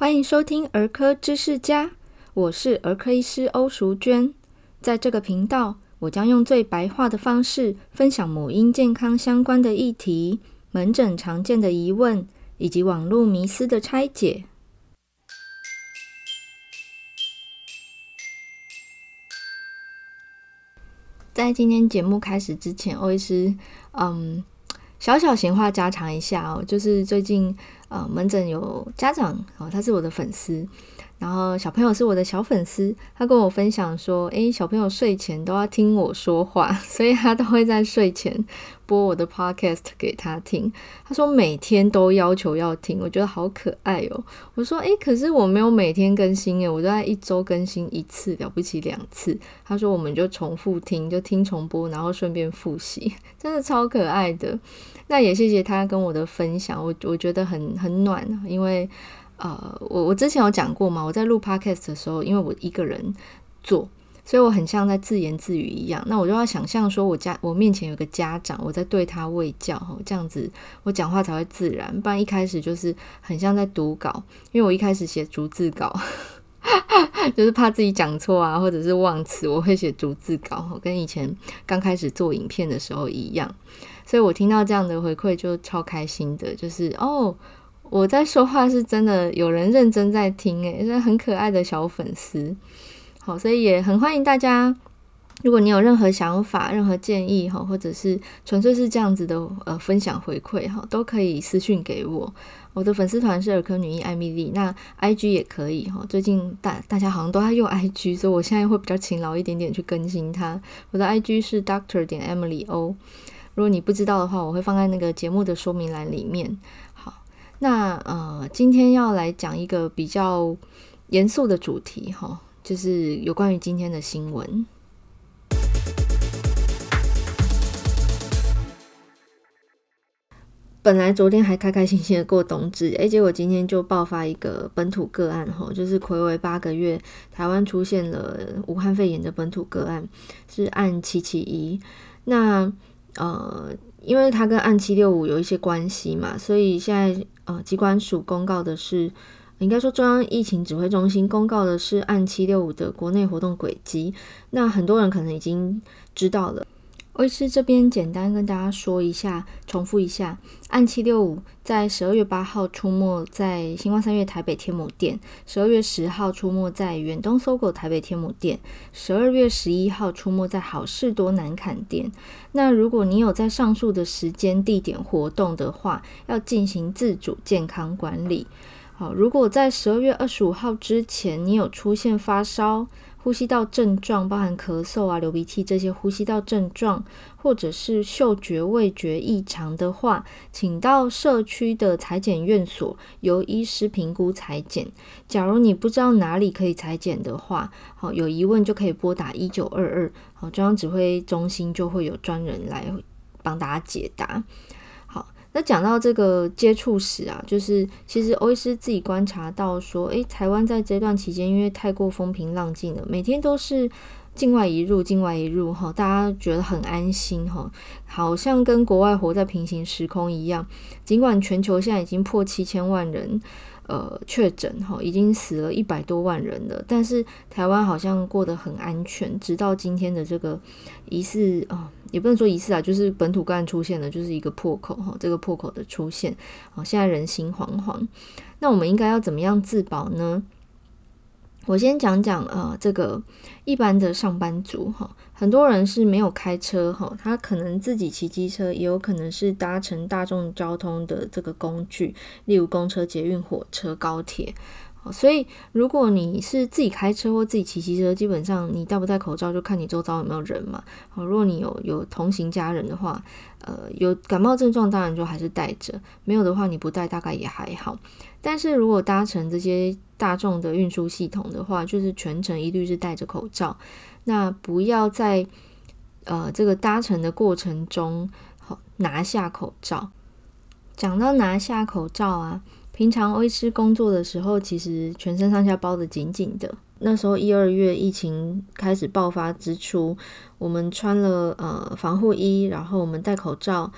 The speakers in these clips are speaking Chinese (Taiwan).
歡迎收聽《兒科知識家》，我是兒科醫師歐淑娟。在這個頻道，我將用最白話的方式分享母嬰健康相關的議題、門診常見的疑問以及網絡迷思的拆解。在今天節目開始之前，歐醫師，嗯，小小閒話家常一下哦，就是最近。啊、呃，門診有家長啊、哦，他是我的粉絲。然後小朋友是我的小粉絲，他跟我分享說：“誒，小朋友睡前都要聽我說話，所以他都會在睡前播我的 podcast 給他聽。他說每天都要求要聽，我覺得好可愛哦。”我說：“誒，可是我沒有每天更新誒，我都在一周更新一次，了不起兩次。”他說：“我們就重複聽，就聽重播，然後順便複習，真的超可愛的。”那也謝謝他跟我的分享，我我覺得很很暖啊，因為。呃，我我之前有講過嘛，我在錄 podcast 的時候，因為我一個人做，所以我很像在自言自語一樣。那我就要想象說，我家我面前有個家長，我在對他衛教，這樣子我講話才會自然，不然一開始就是很像在讀稿，因為我一開始寫逐字稿， 就是怕自己講錯啊，或者是忘詞，我會寫逐字稿，跟以前剛開始做影片的時候一樣。所以我聽到這樣的回饋就超開心的，就是哦。我在說話是真的，有人認真在聽哎，是很可愛的小粉絲，好，所以也很歡迎大家。如果你有任何想法、任何建議哈，或者是純粹是這樣子的呃分享回饋哈，都可以私訊給我。我的粉絲團是兒科女醫艾米麗，那 I G 也可以哈。最近大大家好像都在用 I G，所以我現在會比較勤勞一點點去更新它。我的 I G 是 doctor 點 Emily 歐。如果你不知道的話，我會放在那個節目的說明欄裡面。那呃，今天要來講一個比較嚴肅的主題哈,就是有關於今天的新聞。本來昨天還開開心心的過冬至，哎、欸，結果今天就爆發一個本土個案哈，就是暌違八個月，台灣出現了武漢肺炎的本土個案，是案七七一，那呃。因為他跟案七六五有一些關係嘛，所以現在呃，疾管署公告的是，應該說中央疫情指揮中心公告的是案七六五的國內活動軌跡，那很多人可能已經知道了。醫師這邊簡單跟大家說一下，重複一下：案765，在十二月八號出沒在新光三越台北天母店；十二月十號出沒在遠東 SOGO 台北天母店；十二月十一號出沒在好市多南崁店。那如果你有在上述的時間、地點活動的話，要進行自主健康管理。好、哦，如果在十二月二十五號之前你有出現發燒，呼吸道症狀包含咳嗽啊、流鼻涕這些呼吸道症狀，或者是嗅覺味覺異常的話，請到社區的採檢院所由醫師評估採檢。假如你不知道哪裡可以採檢的話，好，有疑問就可以撥打一九二二，好，中央指揮中心就會有專人來幫大家解答。那講到這個接觸史啊，就是其實歐醫師自己觀察到說，誒、欸，台灣在這段期間因為太過風平浪靜了，每天都是境外移入境外移入哈，大家覺得很安心哈，好像跟國外活在平行時空一樣。儘管全球現在已經破七千萬人。呃，確診哈，已經死了一百多萬人了。但是台灣好像過得很安全，直到今天的這個疑似啊、哦，也不能說疑似啊，就是本土剛出現的，就是一個破口哈。這個破口的出現，哦，現在人心惶惶。那我們應該要怎麼樣自保呢？我先講講，呃，這個一般的上班族，哈，很多人是沒有開車，哈，他可能自己騎機車，也有可能是搭乘大眾交通的這個工具，例如公車、捷運、火車、高鐵。所以，如果你是自己開車或自己騎機車，基本上你戴不戴口罩就看你周遭有沒有人嘛。好，如果你有有同行家人的話，呃，有感冒症狀當然就還是戴着；沒有的話，你不戴大概也還好。但是如果搭乘這些大眾的運輸系統的話，就是全程一律是戴着口罩，那不要在呃這個搭乘的過程中好拿下口罩。講到拿下口罩啊。平常醫師工作的時候，其實全身上下包得緊緊的。那時候一二月疫情開始爆發之初，我們穿了呃防護衣，然後我們戴口罩，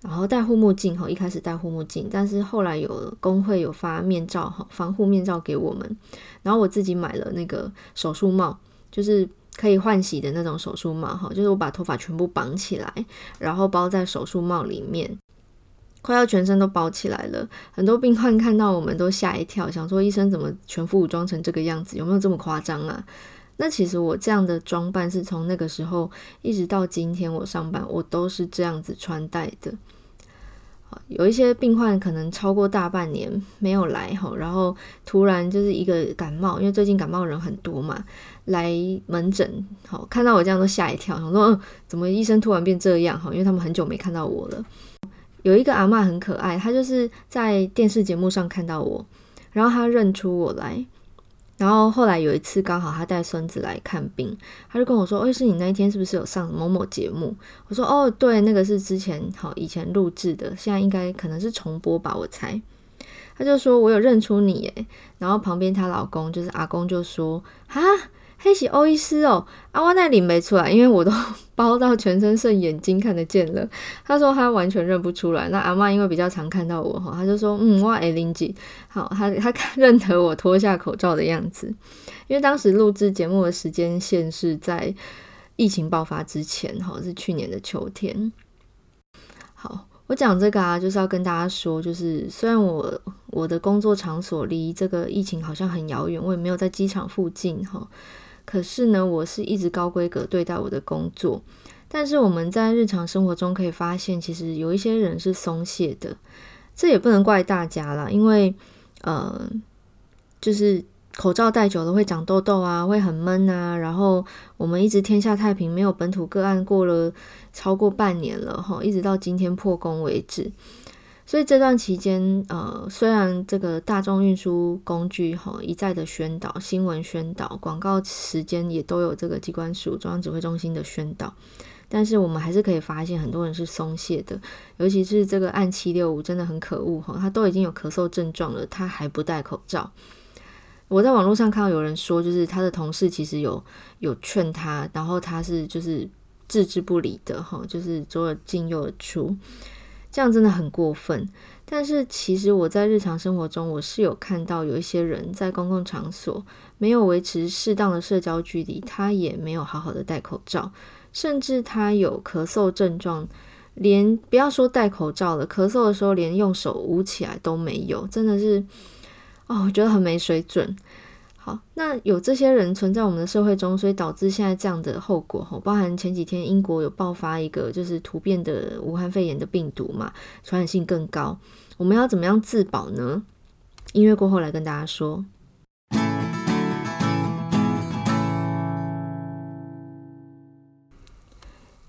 然後戴護目鏡哈。一開始戴護目鏡，但是後來有工會有發面罩哈，防護面罩給我們。然後我自己買了那個手術帽，就是可以換洗的那種手術帽哈，就是我把頭髮全部綁起來，然後包在手術帽裡面。快要全身都包起來了，很多病患看到我們都嚇一跳，想說醫生怎麼全副武裝成這個樣子？有沒有這麼誇張啊？那其實我這樣的裝扮是從那個時候一直到今天，我上班我都是這樣子穿戴的。好，有一些病患可能超過大半年沒有來，然後突然就是一個感冒，因為最近感冒人很多嘛，來門診，好，看到我這樣都嚇一跳，想說，呃，怎麼醫生突然變這樣？好，因為他們很久沒看到我了。有一個阿嬤，很可愛，她就是在電視節目上看到我，然後她認出我來，然後後來有一次剛好她帶孫子來看病，她就跟我說：“誒、哦，是你那天是不是有上某某節目？”我說：“哦，對，那個是之前好以前錄制的，現在應該可能是重播吧，我猜。”她就說：“我有認出你哎。”然後旁邊她老公就是阿公就說：“哈。”黑喜歐醫師哦，阿嬤那裡沒、喔啊、出來，因為我都包到全身，剩眼睛看得見了。他說他完全認不出來。那阿媽因為比較常看到我哈，他就說嗯，哇，哎，林吉，好，他他認得我脫下口罩的樣子。因為當時錄制節目的時間線是在疫情爆發之前哈，是去年的秋天。好，我講這個啊，就是要跟大家說，就是雖然我我的工作場所離這個疫情好像很遙遠，我也沒有在機場附近哈。可是呢，我是一直高規格對待我的工作，但是我們在日常生活中可以發現，其實有一些人是鬆懈的，這也不能怪大家啦，因為，呃，就是口罩戴久了會長痘痘啊，會很悶啊，然後我們一直天下太平，沒有本土個案過了超過半年了哈，一直到今天破功為止。所以這段期間，呃，雖然這個大眾運輸工具哈一再的宣導，新聞宣導，廣告時間也都有這個機關署中央指揮中心的宣導，但是我們還是可以發現很多人是鬆懈的，尤其是這個案七六五真的很可惡哈，他都已經有咳嗽症狀了，他還不戴口罩。我在網絡上看到有人說，就是他的同事其實有有勸他，然後他是就是置之不理的哈，就是左進右出。這樣真的很過分，但是其實我在日常生活中，我是有看到有一些人在公共場所沒有維持適當的社交距離，他也沒有好好的戴口罩，甚至他有咳嗽症狀，連不要說戴口罩了，咳嗽的時候連用手捂起來都沒有，真的是，哦，我覺得很沒水準。那有這些人存在我們的社會中，所以導致現在這樣的後果吼，包含前幾天英國有爆發一個就是突變的武漢肺炎的病毒嘛，傳染性更高，我們要怎麼樣自保呢？音樂過後來跟大家說。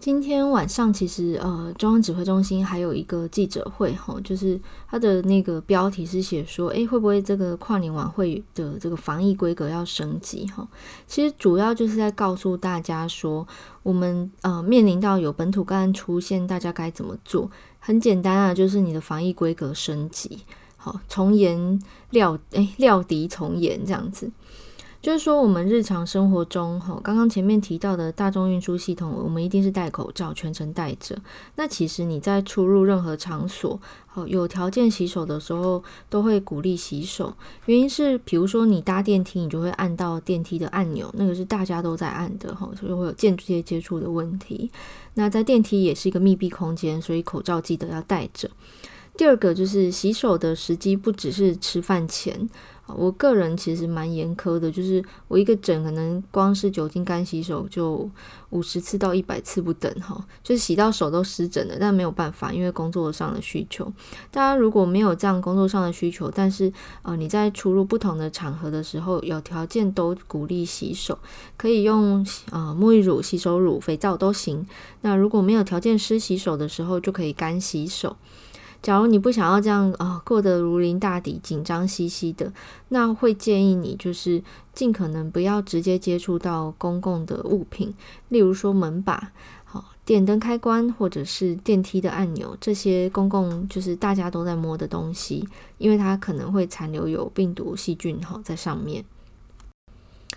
今天晚上其實呃，中央指揮中心還有一個記者會哈、哦，就是它的那個標題是寫說，誒，會不會這個跨年晚會的這個防疫規格要升級哈、哦？其實主要就是在告訴大家說，我們呃面臨到有本土感染出現，大家該怎麼做？很簡單啊，就是你的防疫規格升級，好、哦，從嚴料，誒，料敵從嚴這樣子。就是說，我們日常生活中，齁，剛剛前面提到的大眾運輸系統，我們一定是戴口罩，全程戴着。那其實你在出入任何場所，好，有條件洗手的時候，都會鼓勵洗手。原因是，比如說你搭電梯，你就會按到電梯的按鈕，那個是大家都在按的，齁，所以會有間接接觸的問題。那在電梯也是一個密閉空間，所以口罩記得要戴着。第二個就是洗手的時機，不只是吃飯前。我個人其實蠻嚴苛的，就是我一個診可能光是酒精乾洗手就五十次到一百次不等哈，就是洗到手都濕疹了，但沒有辦法，因為工作上的需求。大家如果沒有這樣工作上的需求，但是呃你在出入不同的場合的時候，有條件都鼓勵洗手，可以用呃沐浴乳、洗手乳、肥皂都行。那如果沒有條件濕洗手的時候，就可以乾洗手。假如你不想要這樣啊、呃，過得如臨大敵、緊張兮兮的，那會建議你就是盡可能不要直接接觸到公共的物品，例如說門把、好、哦、電燈開關或者是電梯的按鈕，這些公共就是大家都在摸的東西，因為它可能會殘留有病毒細菌哈、哦、在上面。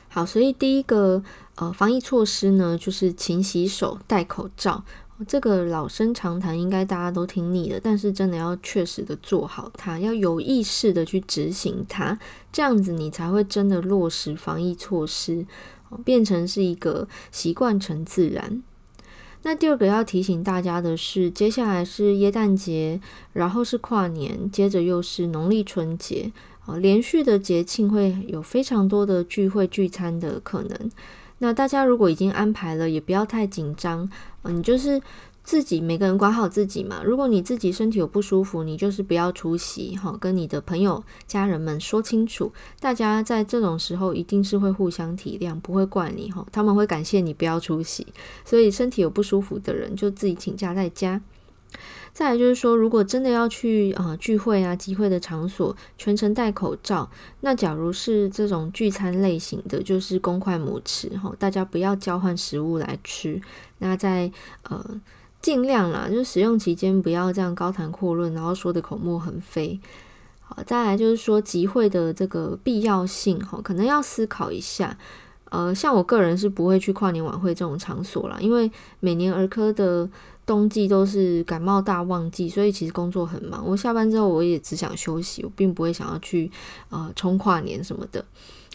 好，所以第一個呃防疫措施呢，就是勤洗手、戴口罩。這個老生常談，應該大家都聽膩了，但是真的要確實的做好它，要有意識的去執行它，這樣子你才會真的落實防疫措施，變成是一個習慣成自然。那第二個要提醒大家的是，接下來是耶誕節，然後是跨年，接着又是農曆春節，連續的節慶會有非常多的聚會聚餐的可能。那大家如果已經安排了，也不要太緊張。嗯，你就是自己每個人管好自己嘛。如果你自己身體有不舒服，你就是不要出席哈，跟你的朋友家人們說清楚。大家在這種時候一定是會互相體諒，不會怪你哈。他們會感謝你不要出席。所以身體有不舒服的人就自己請假在家。再來就是說，如果真的要去啊、呃、聚會啊集會的場所，全程戴口罩。那假如是這種聚餐類型的，就是公筷母匙，吼，大家不要交換食物來吃。那在呃，盡量啦，就是食用期間不要這樣高談闊論，然後說的口沫橫飛。好，再來就是說集會的這個必要性，吼，可能要思考一下。呃，像我個人是不會去跨年晚會這種場所啦。因為每年兒科的冬季都是感冒大旺季，所以其實工作很忙。我下班之後我也只想休息，我並不會想要去呃衝跨年什麼的。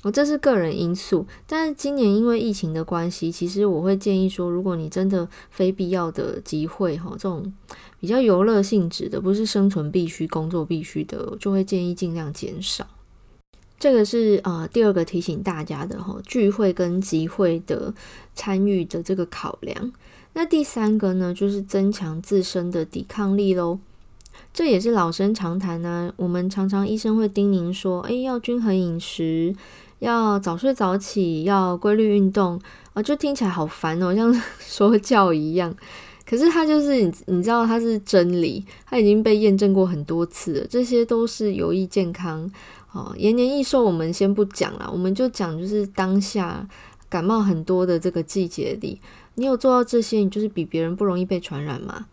我、哦、這是個人因素，但是今年因為疫情的關係，其實我會建議說，如果你真的非必要的集會哈、哦，這種比較遊樂性質的，不是生存必須、工作必須的，我就會建議盡量減少。這個是呃第二個提醒大家的齁，聚會跟集會的參與的這個考量。那第三個呢，就是增強自身的抵抗力嘍。這也是老生常談呢、啊，我們常常醫生會叮嚀說，誒，要均衡飲食，要早睡早起，要規律運動啊、呃，就聽起來好煩哦，像說教一樣。可是他就是你你知道他是真理，他已經被驗證過很多次了，這些都是有益健康。哦，延年益壽我們先不講了，我們就講就是當下感冒很多的這個季節裡，你有做到這些，你就是比別人不容易被傳染嘛。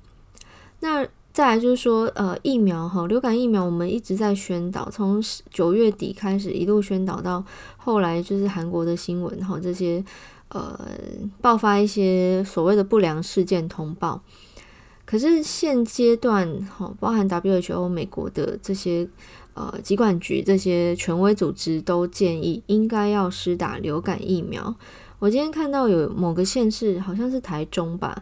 那再來就是說，呃，疫苗哈、哦，流感疫苗我們一直在宣導，從九月底開始一路宣導到後來就是韓國的新聞哈、哦，這些呃爆發一些所謂的不良事件通報。可是現階段哈、哦，包含 WHO、美國的這些。呃，疾管局這些權威組織都建議，應該要施打流感疫苗。我今天看到有某個縣市，好像是台中吧，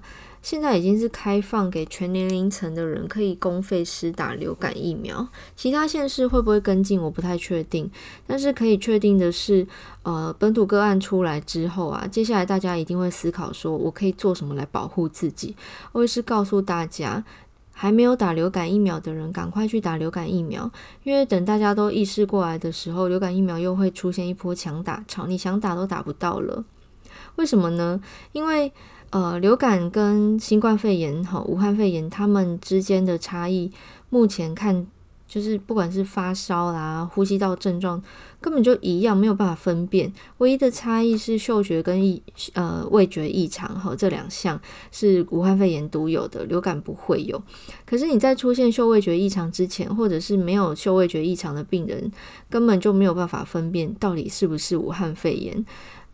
現在已經是開放給全年齡層的人可以公費施打流感疫苗。其他縣市會不會跟進，我不太確定。但是可以確定的是，呃，本土個案出來之後啊，接下來大家一定會思考說，我可以做什麼來保護自己。我也是告訴大家，還沒有打流感疫苗的人，趕快去打流感疫苗，因為等大家都意識過來的時候，流感疫苗又會出現一波強打潮，你想打都打不到了。為什麼呢？因為呃，流感跟新冠肺炎、哈武漢肺炎它們之間的差異，目前看。就是不管是發燒啦、啊、呼吸道症狀，根本就一樣，沒有辦法分辨。唯一的差異是嗅覺跟異呃味覺異常，和這兩項是武漢肺炎獨有的，流感不會有。可是你在出現嗅味覺異常之前，或者是沒有嗅味覺異常的病人，根本就沒有辦法分辨到底是不是武漢肺炎。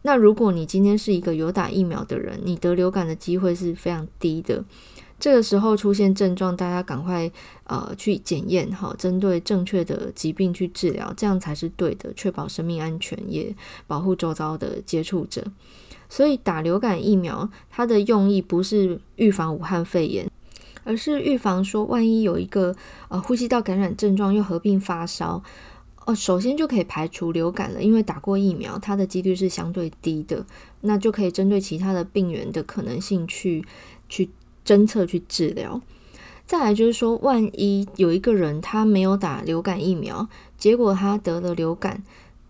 那如果你今天是一個有打疫苗的人，你得流感的機會是非常低的。這個時候出現症狀，大家趕快呃去檢驗哈，針對正確的疾病去治療，這樣才是對的，確保生命安全，也保護周遭的接觸者。所以打流感疫苗，它的用意不是預防武漢肺炎，而是預防說萬一有一個呃呼吸道感染症狀又合併發燒哦、呃，首先就可以排除流感了，因為打過疫苗，它的幾率是相對低的，那就可以針對其他的病原的可能性去去。偵測去治療，再來就是說，萬一有一個人他沒有打流感疫苗，結果他得了流感，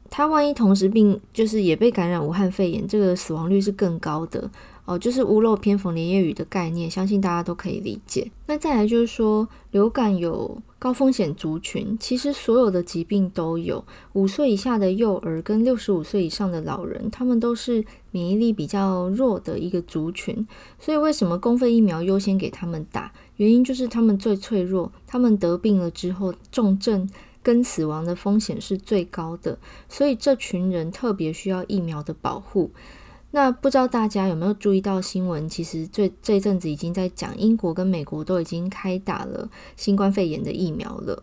他萬一同時病就是也被感染武漢肺炎，這個死亡率是更高的哦，就是屋漏偏逢連夜雨的概念，相信大家都可以理解。那再來就是說，流感有。高風險族群其實所有的疾病都有，五歲以下的幼兒跟六十五歲以上的老人，他們都是免疫力比較弱的一個族群。所以為什麼公費疫苗優先給他們打？原因就是他們最脆弱，他們得病了之後，重症跟死亡的風險是最高的。所以這群人特別需要疫苗的保護。那不知道大家有沒有注意到新聞？其實這這陣子已經在講，英國跟美國都已經開打了新冠肺炎的疫苗了。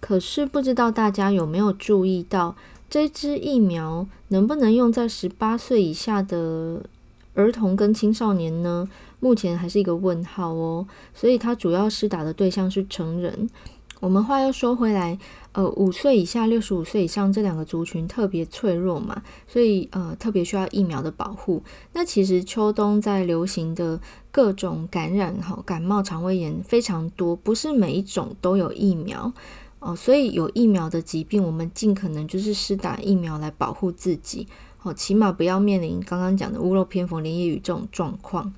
可是不知道大家有沒有注意到，這支疫苗能不能用在十八歲以下的兒童跟青少年呢？目前還是一個問號哦。所以它主要施打的對象是成人。我們話又說回來，呃，五歲以下、六十五歲以上這兩個族群特別脆弱嘛，所以呃，特別需要疫苗的保護。那其實秋冬在流行的各種感染，哈、哦，感冒、腸胃炎非常多，不是每一種都有疫苗哦。所以有疫苗的疾病，我們盡可能就是施打疫苗來保護自己，哦，起碼不要面臨剛剛講的屋漏偏逢連夜雨這種狀況。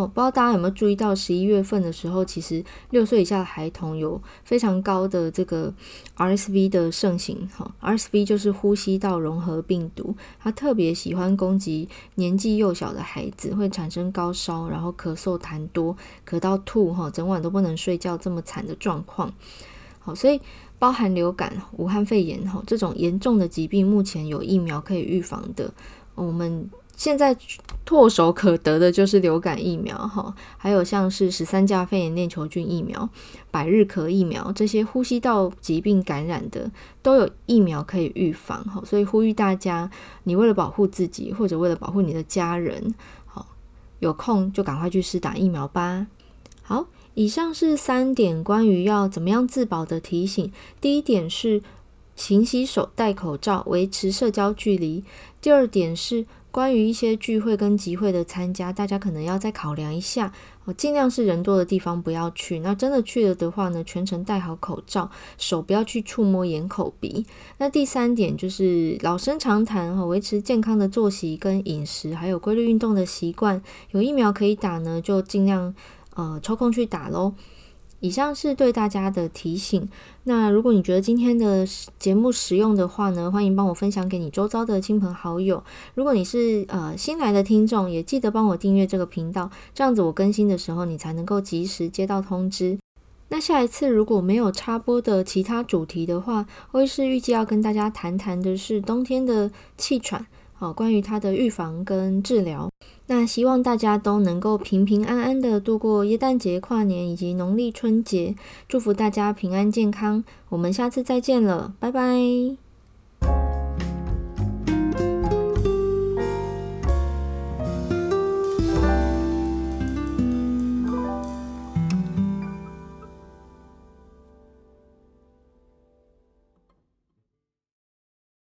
哦、不知道大家有沒有注意到，十一月份的時候，其實六歲以下的孩童有非常高的這個 RSV 的盛行哈、哦、，RSV 就是呼吸道融合病毒，它特別喜歡攻擊年紀幼小的孩子，會產生高燒，然後咳嗽痰多，咳到吐哈、哦，整晚都不能睡覺，這麼慘的狀況。好、哦，所以包含流感、武漢肺炎哈、哦，這種嚴重的疾病，目前有疫苗可以預防的，哦、我們。現在唾手可得的就是流感疫苗，哈，還有像是十三價肺炎鏈球菌疫苗、百日咳疫苗這些呼吸道疾病感染的都有疫苗可以預防，哈，所以呼籲大家，你為了保護自己，或者為了保護你的家人，好，有空就趕快去施打疫苗吧。好，以上是三點關於要怎麼樣自保的提醒。第一點是勤洗手、戴口罩、維持社交距離。第二點是。關於一些聚會跟集會的參加，大家可能要再考量一下，盡量是人多的地方不要去。那真的去了的話呢，全程戴好口罩，手不要去觸摸眼、口、鼻。那第三點就是老生常談哈，維持健康的作息跟飲食，還有規律運動的習慣。有疫苗可以打呢，就盡量呃抽空去打咯。以上是對大家的提醒。那如果你覺得今天的節目實用的話呢，歡迎幫我分享給你周遭的親朋好友。如果你是呃新來的聽眾，也記得幫我訂閱這個頻道，這樣子我更新的時候你才能夠及時接到通知。那下一次如果沒有插播的其他主題的話，我也是預計要跟大家談談的是冬天的氣喘，好，哦，關於它的預防跟治療。那希望大家都能夠平平安安的度過耶誕節、跨年以及農曆春節，祝福大家平安健康。我們下次再見了，拜拜。